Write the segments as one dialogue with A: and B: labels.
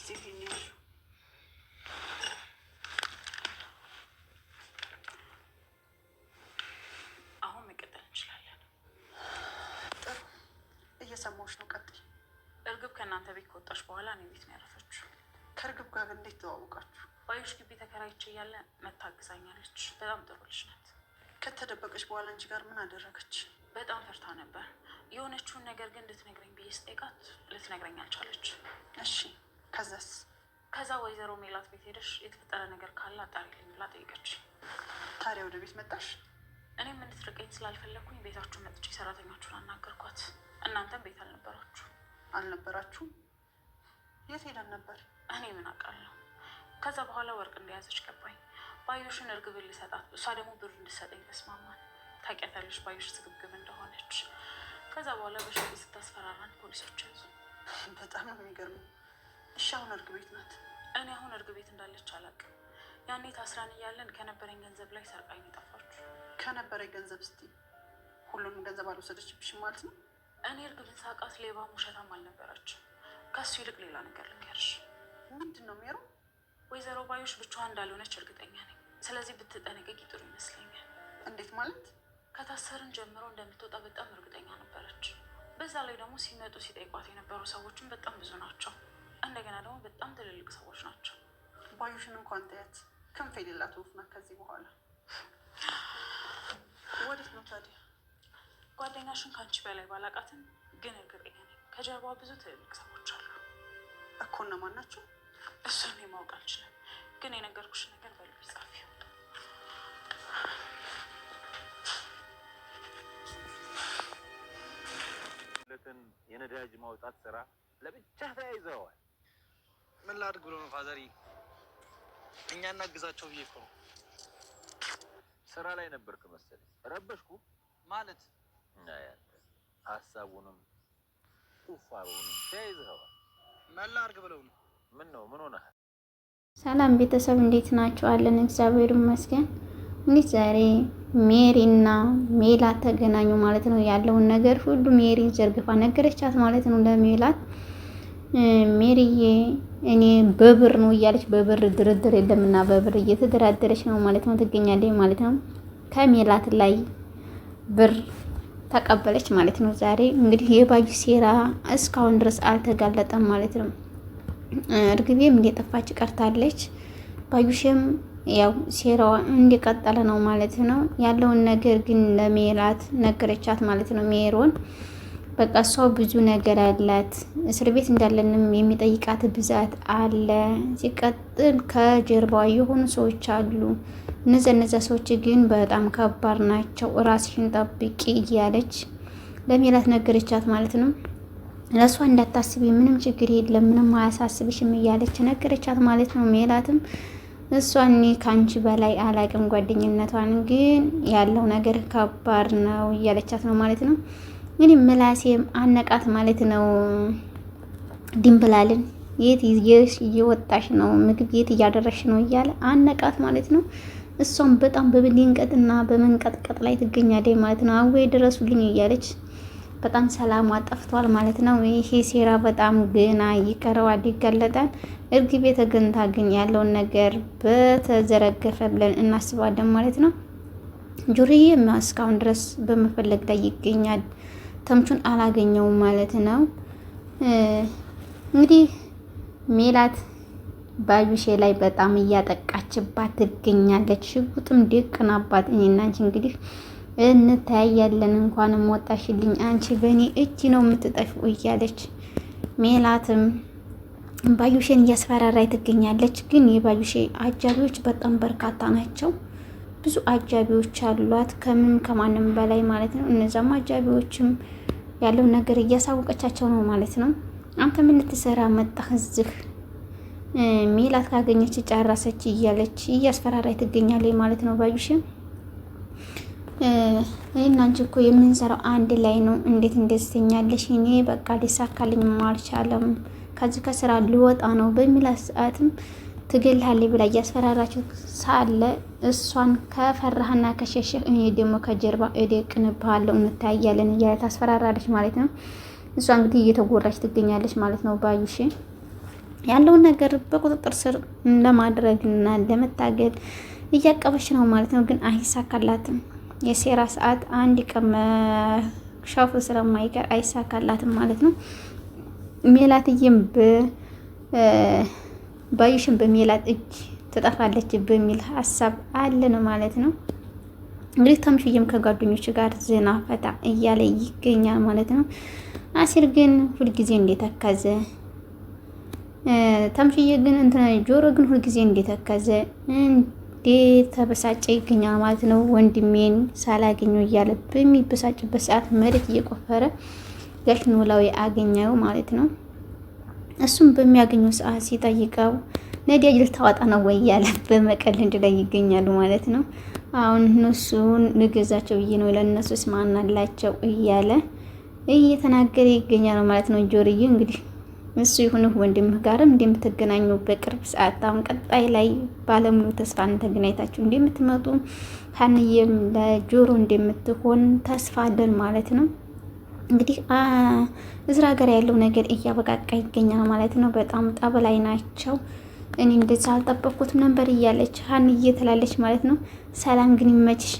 A: ውስጥ አሁን መቀጠል እንችላለን። ጥሩ እየሰማዎች ነው። ቀጥይ። እርግብ ከእናንተ ቤት ከወጣች በኋላ እኔ ቤት ነው ያረፈችው። ከእርግብ ጋር እንዴት ተዋወቃችሁ? ባዮች ግቢ ተከራይቼ እያለ መታግዛኛለች። በጣም ጥሩ ልጅ ናት። ከተደበቀች በኋላ አንቺ ጋር ምን አደረገች? በጣም ፈርታ ነበር። የሆነችውን ነገር ግን ልትነግረኝ ብዬ ስጠይቃት ልትነግረኝ አልቻለች። እሺ ከዛስ? ከዛ ወይዘሮ ሜላት ቤት ሄደሽ የተፈጠረ ነገር ካለ አጣሪልኝ ብላ ጠይቀች። ታዲያ ወደ ቤት መጣሽ? እኔም እንድትርቀኝ ስላልፈለግኩኝ ቤታችሁን መጥቼ ሰራተኞቹን አናገርኳት። እናንተም ቤት አልነበራችሁ አልነበራችሁም? የት ሄደን ነበር? እኔ ምን አውቃለሁ። ከዛ በኋላ ወርቅ እንደያዘች ገባኝ። ባዩሽን እርግብን ልሰጣት፣ እሷ ደግሞ ብር እንድሰጠኝ ተስማማን። ታውቂያታለሽ ባዩሽ ስግብግብ እንደሆነች። ከዛ በኋላ በሽቤ ስታስፈራራን ፖሊሶች ያዙ። በጣም ነው የሚገርመው ሻውን አሁን እርግ ቤት ናት። እኔ አሁን እርግ ቤት እንዳለች አላውቅም። ያኔ ታስራን እያለን ከነበረኝ ገንዘብ ላይ ሰርቃኝ የጠፋችሁ። ከነበረኝ ገንዘብ ስቲ ሁሉንም ገንዘብ አልወሰደችብሽም ማለት ነው? እኔ እርግብን ሳቃት ሌባም ውሸታም አልነበረችም። ከሱ ይልቅ ሌላ ነገር ልንገርሽ። ምንድን ነው ሜሮ? ወይዘሮ ባዮሽ ብቻዋ እንዳልሆነች እርግጠኛ ነኝ። ስለዚህ ብትጠነቀቂ ጥሩ ይመስለኛል። እንዴት ማለት? ከታሰርን ጀምሮ እንደምትወጣ በጣም እርግጠኛ ነበረች። በዛ ላይ ደግሞ ሲመጡ ሲጠይቋት የነበሩ ሰዎችም በጣም ብዙ ናቸው። እንደገና ደግሞ በጣም ትልልቅ ሰዎች ናቸው። ባዩሽን እንኳን ታያት፣ ክንፍ የሌላት ወፍ ናት። ከዚህ በኋላ ወዴት ነው ታዲያ? ጓደኛሽን ከአንቺ በላይ ባላቃትን፣ ግን እርግጠኛ ነኝ ከጀርባ ብዙ ትልልቅ ሰዎች አሉ እኮ። እነማን ናቸው? እሱን ማወቅ አልችልም፣ ግን የነገርኩሽ ነገር በልብ ጻፊ
B: የነዳጅ ማውጣት ስራ ለብቻ ተያይዘዋል። ላድርግ ብሎ ነው ፋዘሪ። እኛ እናግዛቸው ብዬ እኮ ነው። ስራ ላይ ነበርክ መሰለኝ ረበሽኩ ማለት ሀሳቡንም ቁፋሮንም ተያይዘኸዋል። መላ አድርግ ብለው ነው። ምን ነው ምን ሆነሃል?
C: ሰላም ቤተሰብ እንዴት አለን እግዚአብሔር ይመስገን። እንግዲህ ዛሬ ሜሪና ሜላት ተገናኙ ማለት ነው። ያለውን ነገር ሁሉ ሜሪ ዘርግፋ ነገረቻት ማለት ነው ለሜላት ሜሪዬ እኔ በብር ነው እያለች በብር ድርድር የለምና በብር እየተደራደረች ነው ማለት ነው ትገኛለች ማለት ነው። ከሜላት ላይ ብር ተቀበለች ማለት ነው። ዛሬ እንግዲህ የባዩ ሴራ እስካሁን ድረስ አልተጋለጠም ማለት ነው። እርግቤም እንደጠፋች ቀርታለች። ባዩሽም ያው ሴራዋ እንደቀጠለ ነው ማለት ነው። ያለውን ነገር ግን ለሜላት ነገረቻት ማለት ነው ሜሮን በቃ እሷ ብዙ ነገር አላት። እስር ቤት እንዳለንም የሚጠይቃት ብዛት አለ። ሲቀጥል ከጀርባ የሆኑ ሰዎች አሉ። እነዚ እነዚ ሰዎች ግን በጣም ከባድ ናቸው። ራስሽን ጠብቂ እያለች ለሚላት ነገረቻት ማለት ነው። ለእሷ እንዳታስቢ ምንም ችግር የለም ምንም አያሳስብሽም እያለች ነገረቻት ማለት ነው። ሜላትም እሷ እኔ ከአንቺ በላይ አላቅም ጓደኝነቷን፣ ግን ያለው ነገር ከባድ ነው እያለቻት ነው ማለት ነው። እንግዲህ ምላሴም አነቃት ማለት ነው። ድንብላልን የት እየወጣሽ ነው? ምግብ የት እያደረሽ ነው? እያለ አነቃት ማለት ነው። እሷም በጣም በድንቀትና በመንቀጥቀጥ ላይ ትገኛለች ማለት ነው። አዌ ድረሱልኝ እያለች በጣም ሰላሟ ጠፍቷል ማለት ነው። ይሄ ሴራ በጣም ገና ይቀረዋል፣ ይጋለጣል። እርግቤ ተገን ታገኝ ያለውን ነገር በተዘረገፈ ብለን እናስባለን ማለት ነው። ጆሮዬ እስካሁን ድረስ በመፈለግ ላይ ይገኛል። ተምቹን አላገኘውም ማለት ነው። እንግዲህ ሜላት ባዩሼ ላይ በጣም እያጠቃችባት ትገኛለች። ሽጉጥም ደቅናባት እኔና አንቺ እንግዲህ እንታያያለን እንኳንም ወጣሽልኝ አንቺ በእኔ እጅ ነው የምትጠፊው እያለች ሜላትም ባዩሼን እያስፈራራይ ትገኛለች። ግን የባዩሼ አጃቢዎች በጣም በርካታ ናቸው። ብዙ አጃቢዎች አሏት፣ ከምንም ከማንም በላይ ማለት ነው። እነዚያም አጃቢዎችም ያለውን ነገር እያሳወቀቻቸው ነው ማለት ነው። አንተ ምን ልትሰራ መጣህ እዚህ? ሜላት ካገኘች ጨረሰች እያለች እያስፈራራች ትገኛለች ማለት ነው። ባዩሽ እና አንቺ እኮ የምንሰራው አንድ ላይ ነው፣ እንዴት እንደዚህ እኔ በቃ ሊሳካልኝ አልቻለም፣ ከዚህ ከስራ ልወጣ ነው በሚላት ሰዓትም ትገልሃለች ብላ እያስፈራራችሁ ሳለ እሷን ከፈራህና ከሸሸህ እኔ ደግሞ ከጀርባ እደቅንብሃለሁ እንታያለን እያለ ታስፈራራለች ማለት ነው። እሷ እንግዲህ እየተጎራች ትገኛለች ማለት ነው። ባዩሽ ያለውን ነገር በቁጥጥር ስር ለማድረግና ለመታገል እያቀበች ነው ማለት ነው። ግን አይሳካላትም። የሴራ ሰዓት አንድ ቀመ ሻፉ ስለማይቀር አይሳካላትም ማለት ነው። ሜላትዬም በ ባዩሽን በሜላት እጅ ትጠፋለች በሚል ሀሳብ አለ ነው ማለት ነው። እንግዲህ ተምሽዬም ከጓደኞች ጋር ዘና ፈታ እያለ ይገኛል ማለት ነው። አሲር ግን ሁልጊዜ እንደተከዘ ተምሽዬ ግን እንትና ጆሮ ግን ሁልጊዜ እንደተከዘ እንዴ ተበሳጨ ይገኛል ማለት ነው። ወንድሜን ሳላገኘው እያለ በሚበሳጭበት ሰዓት መሬት እየቆፈረ ጋሽ ኖላዊ አገኘው ማለት ነው። እሱም በሚያገኘው ሰዓት ሲጠይቀው ነዳጅ ልታወጣ ነው ወይ እያለ በመቀለድ ላይ ይገኛሉ ማለት ነው። አሁን እነሱን ልገዛቸው ብዬ ነው ለእነሱስ ማን አላቸው እያለ እየተናገረ ይገኛሉ ማለት ነው። ጆርዬ እንግዲህ እሱ ይሁን ወንድምህ ጋርም እንደምትገናኙ በቅርብ ሰዓት አሁን ቀጣይ ላይ ባለሙሉ ተስፋ ተገናኝታችሁ እንደምትመጡ ሀንዬም ለጆሮ እንደምትሆን ተስፋ አለን ማለት ነው። እንግዲህ እዝራ ሀገር ያለው ነገር እያበቃቃ ይገኛል ማለት ነው። በጣም ጠበላይ ናቸው። እኔ እንደዛ አልጠበቅኩትም ነበር እያለች ሀን ትላለች ማለት ነው። ሰላም ግን ይመችሽ።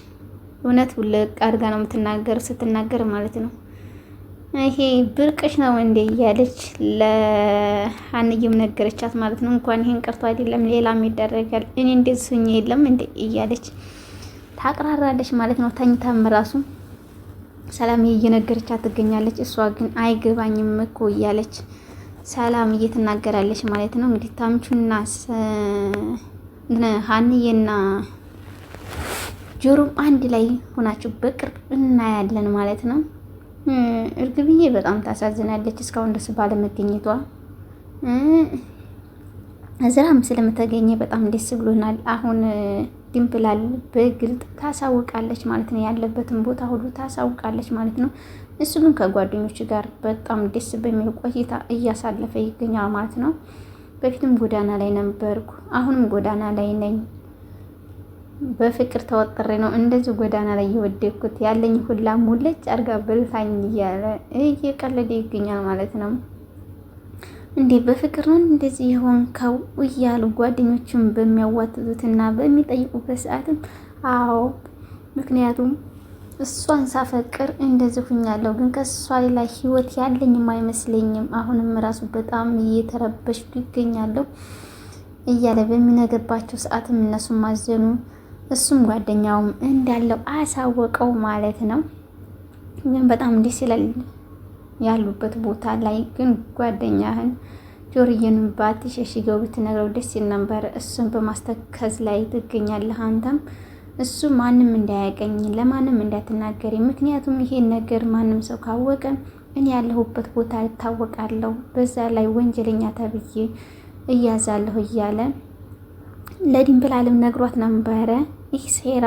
C: እውነት ውልቅ አድጋ ነው የምትናገር ስትናገር ማለት ነው። ይሄ ብርቅሽ ነው እንዴ እያለች ለሀንዬም ነገረቻት ማለት ነው። እንኳን ይሄን ቀርቶ አይደለም ሌላም ይደረጋል። እኔ እንደዚህ ሆኜ የለም እንዴ እያለች ታቅራራለች ማለት ነው። ተኝታም ራሱ ሰላምዬ እየነገረቻት ትገኛለች። እሷ ግን አይገባኝም እኮ እያለች ሰላም ትናገራለች ማለት ነው። እንግዲህ ታምቹና ሀንዬና ጆሮም አንድ ላይ ሆናችሁ በቅርብ እናያለን ማለት ነው። እርግብዬ በጣም ታሳዝናለች እስካሁን ባለ ባለመገኘቷ። እዝራም ስለምተገኘ በጣም ደስ ብሎናል አሁን ድንብላል በግልጥ ታሳውቃለች ማለት ነው። ያለበትን ቦታ ሁሉ ታሳውቃለች ማለት ነው። እሱ ግን ከጓደኞች ጋር በጣም ደስ በሚል ቆይታ እያሳለፈ ይገኛል ማለት ነው። በፊትም ጎዳና ላይ ነበርኩ፣ አሁንም ጎዳና ላይ ነኝ። በፍቅር ተወጥሬ ነው እንደዚህ ጎዳና ላይ የወደኩት ያለኝ ሁላ ሙለጭ አርጋ በልታኝ እያለ እየቀለደ ይገኛል ማለት ነው። እንዴ በፍቅር ነው እንደዚህ የሆንከው እያሉ ጓደኞቹን በሚያዋትቱትና በሚጠይቁበት ሰዓትም አዎ፣ ምክንያቱም እሷን ሳፈቅር እንደዚህ ሁኛለሁ፣ ግን ከእሷ ሌላ ህይወት ያለኝም አይመስለኝም። አሁንም ራሱ በጣም እየተረበሽኩ ይገኛለሁ እያለ በሚነገባቸው ሰዓትም እነሱ ማዘኑ እሱም ጓደኛውም እንዳለው አሳወቀው ማለት ነው። በጣም ደስ ይላል። ያሉበት ቦታ ላይ ግን ጓደኛህን ጆርዬን ሸሽገው ብትነግረው ደስ ይል ነበር። እሱን በማስተከዝ ላይ ትገኛለህ አንተም እሱ ማንም እንዳያገኝ ለማንም እንዳትናገሪ። ምክንያቱም ይሄን ነገር ማንም ሰው ካወቀ እኔ ያለሁበት ቦታ እታወቃለሁ፣ በዛ ላይ ወንጀለኛ ተብዬ እያዛለሁ እያለ ለዲንብላልም ነግሯት ነበረ ይህ ሴራ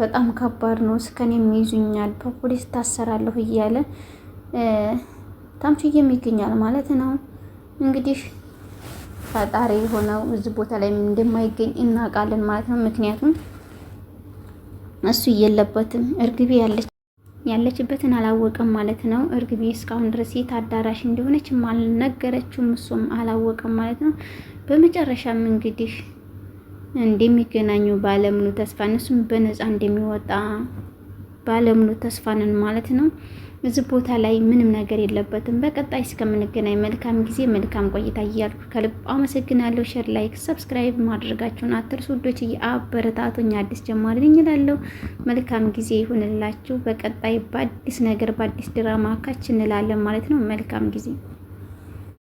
C: በጣም ከባድ ነው፣ እስከኔም ይዙኛል፣ በፖሊስ ታሰራለሁ እያለ ታምቹዬም ይገኛል ማለት ነው። እንግዲህ ፈጣሪ የሆነው እዚህ ቦታ ላይ እንደማይገኝ እናውቃለን ማለት ነው። ምክንያቱም እሱ የለበትም እርግቤ ያለች ያለችበትን አላወቀም ማለት ነው። እርግቤ እስካሁን ድረስ የት አዳራሽ እንደሆነች አልነገረችውም፣ እሱም አላወቀም ማለት ነው። በመጨረሻም እንግዲህ እንደሚገናኙ ባለሙሉ ተስፋ እነሱም በነፃ እንደሚወጣ ባለሙሉ ተስፋ ነን ማለት ነው። እዚህ ቦታ ላይ ምንም ነገር የለበትም። በቀጣይ እስከምንገናኝ መልካም ጊዜ፣ መልካም ቆይታ እያልኩ ከልብ አመሰግናለሁ። ሸር፣ ላይክ፣ ሰብስክራይብ ማድረጋችሁን አትርሱ። ውዶች አበረታቱኝ፣ አዲስ ጀማሪ ነኝ እላለሁ። መልካም ጊዜ ይሁንላችሁ። በቀጣይ በአዲስ ነገር በአዲስ ድራማ ካች እንላለን ማለት ነው። መልካም ጊዜ